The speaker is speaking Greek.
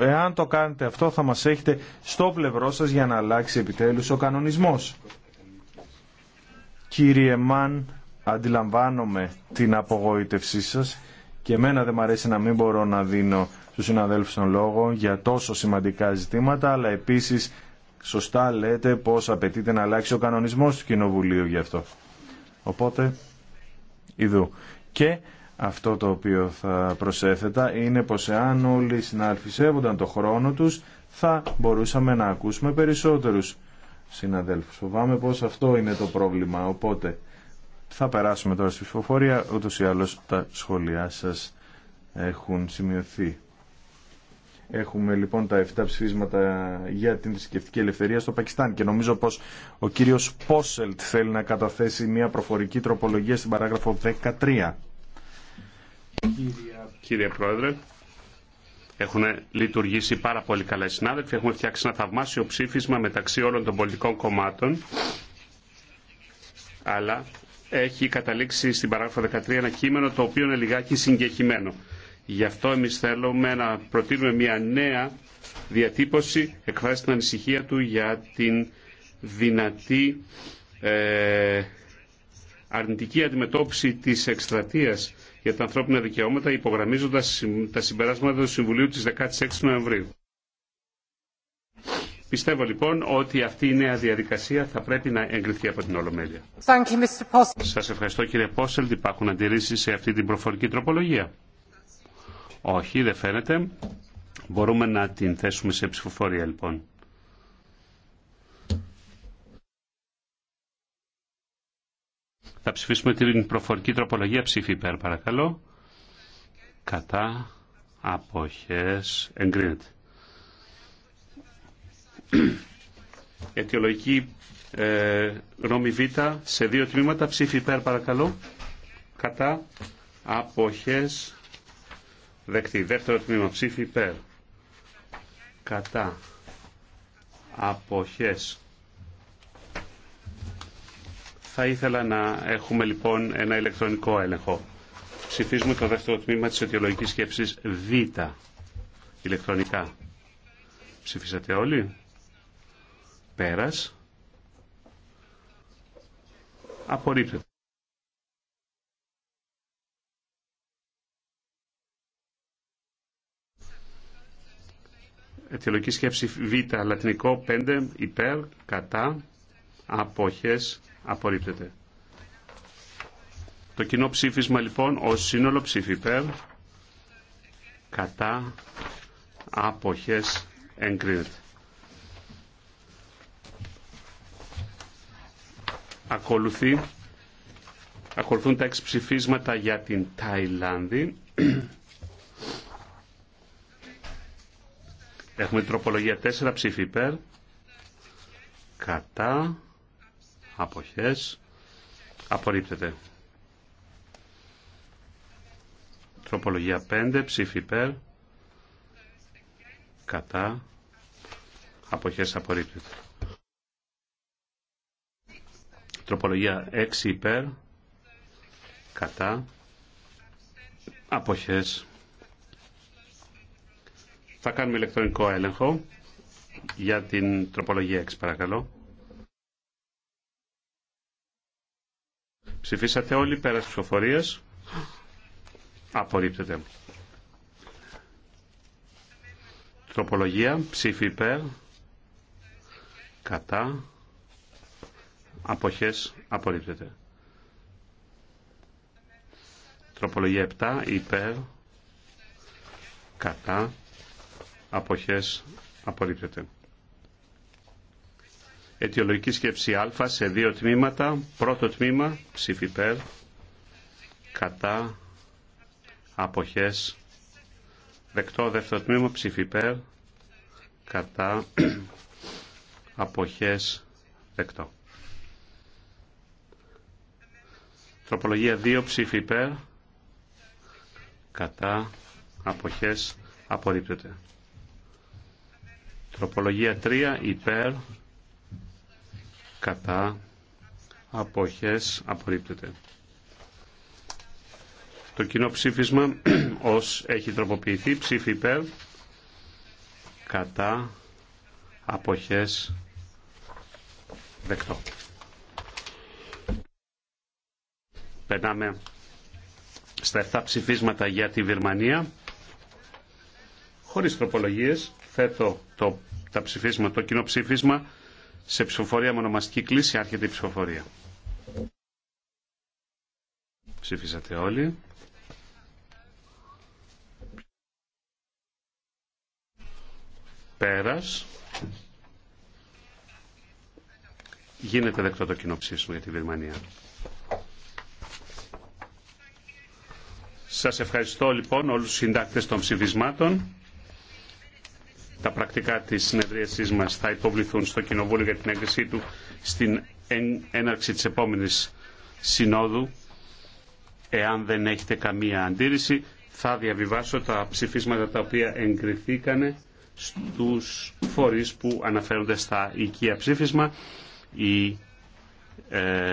Εάν το κάνετε αυτό θα μας έχετε στο πλευρό σας για να αλλάξει επιτέλους ο κανονισμός. Κύριε Μαν, αντιλαμβάνομαι την απογοήτευσή σας και εμένα δεν μου αρέσει να μην μπορώ να δίνω στους συναδέλφους τον λόγο για τόσο σημαντικά ζητήματα, αλλά επίσης σωστά λέτε πως απαιτείται να αλλάξει ο κανονισμός του Κοινοβουλίου γι' αυτό. Οπότε, ειδού. Και αυτό το οποίο θα προσέθετα είναι πως εάν όλοι οι συνάδελφοι σέβονταν το χρόνο τους θα μπορούσαμε να ακούσουμε περισσότερους συναδέλφους. Φοβάμαι πως αυτό είναι το πρόβλημα. Οπότε θα περάσουμε τώρα στη ψηφοφορία. Ούτως ή άλλως τα σχόλιά σας έχουν σημειωθεί. Έχουμε λοιπόν τα 7 ψηφίσματα για την θρησκευτική ελευθερία στο Πακιστάν και νομίζω πως ο κύριος Πόσελτ θέλει να καταθέσει μια προφορική τροπολογία στην παράγραφο 13. Κύριε Πρόεδρε, έχουν λειτουργήσει πάρα πολύ καλά οι συνάδελφοι. Έχουμε φτιάξει ένα θαυμάσιο ψήφισμα μεταξύ όλων των πολιτικών κομμάτων. Αλλά έχει καταλήξει στην παράγραφο 13 ένα κείμενο το οποίο είναι λιγάκι συγκεχημένο. Γι' αυτό εμεί θέλουμε να προτείνουμε μια νέα διατύπωση, εκφράσει την ανησυχία του για την δυνατή ε, αρνητική αντιμετώπιση της εκστρατείας για τα ανθρώπινα δικαιώματα υπογραμμίζοντας τα συμπεράσματα του Συμβουλίου της 16 Νοεμβρίου. Πιστεύω λοιπόν ότι αυτή η νέα διαδικασία θα πρέπει να εγκριθεί από την Ολομέλεια. Σας ευχαριστώ κύριε Πόσελτ. Υπάρχουν αντιρρήσεις σε αυτή την προφορική τροπολογία. Όχι, δεν φαίνεται. Μπορούμε να την θέσουμε σε ψηφοφορία λοιπόν. ψηφίσουμε την προφορική τροπολογία ψήφι υπέρ παρακαλώ. Κατά αποχές εγκρίνεται. Αιτιολογική ε, γνώμη Β σε δύο τμήματα ψήφι υπέρ παρακαλώ. Κατά αποχές δεκτή. Δεύτερο τμήμα ψήφι υπέρ. Κατά αποχές θα ήθελα να έχουμε λοιπόν ένα ηλεκτρονικό έλεγχο. Ψηφίζουμε το δεύτερο τμήμα της αιτιολογικής σκέψης Β, ηλεκτρονικά. Ψηφίσατε όλοι. Πέρας. Απορρίπτεται. Αιτιολογική σκέψη Β, λατινικό 5, υπέρ, κατά, αποχές απορρίπτεται. Το κοινό ψήφισμα λοιπόν ως σύνολο ψήφι κατά αποχές εγκρίνεται. Ακολουθεί, ακολουθούν τα έξι ψηφίσματα για την Ταϊλάνδη. Έχουμε τροπολογία 4 ψήφι υπέρ, κατά αποχές απορρίπτεται τροπολογία 5 ψήφι υπέρ κατά αποχές απορρίπτεται τροπολογία 6 υπέρ κατά αποχές θα κάνουμε ηλεκτρονικό έλεγχο για την τροπολογία 6 παρακαλώ Ψηφίσατε όλοι πέρα στις ψηφοφορίας. Απορρίπτεται. Τροπολογία. Ψήφι υπέρ. Κατά. Αποχές. Απορρίπτεται. Τροπολογία 7. Υπέρ. Κατά. Αποχές. Απορρίπτεται αιτιολογική σκέψη α σε δύο τμήματα. Πρώτο τμήμα, ψήφι κατά, αποχές, δεκτό δεύτερο τμήμα, ψήφι κατά, αποχές, δεκτό. Τροπολογία 2, ψήφι κατά, αποχές, απορρίπτεται. Τροπολογία 3, υπέρ, κατά αποχές απορρίπτεται. Το κοινό ψήφισμα ως έχει τροποποιηθεί ψήφι υπέρ κατά αποχές δεκτό. Περνάμε στα 7 ψηφίσματα για τη Βυρμανία. Χωρίς τροπολογίες θέτω το, τα ψηφίσματα, το κοινό ψήφισμα σε ψηφοφορία μονομαστική κλίση άρχεται η ψηφοφορία. Ψήφισατε όλοι. Πέρας. Γίνεται δεκτό το κοινό ψήφισμα για τη Βερμανία. Σας ευχαριστώ λοιπόν όλους τους συντάκτες των ψηφισμάτων τα πρακτικά της συνεδρίασής μα θα υποβληθούν στο Κοινοβούλιο για την έγκρισή του στην έναρξη της επόμενης συνόδου. Εάν δεν έχετε καμία αντίρρηση, θα διαβιβάσω τα ψηφίσματα τα οποία εγκριθήκαν στους φορείς που αναφέρονται στα οικία ψήφισμα. Η, ε,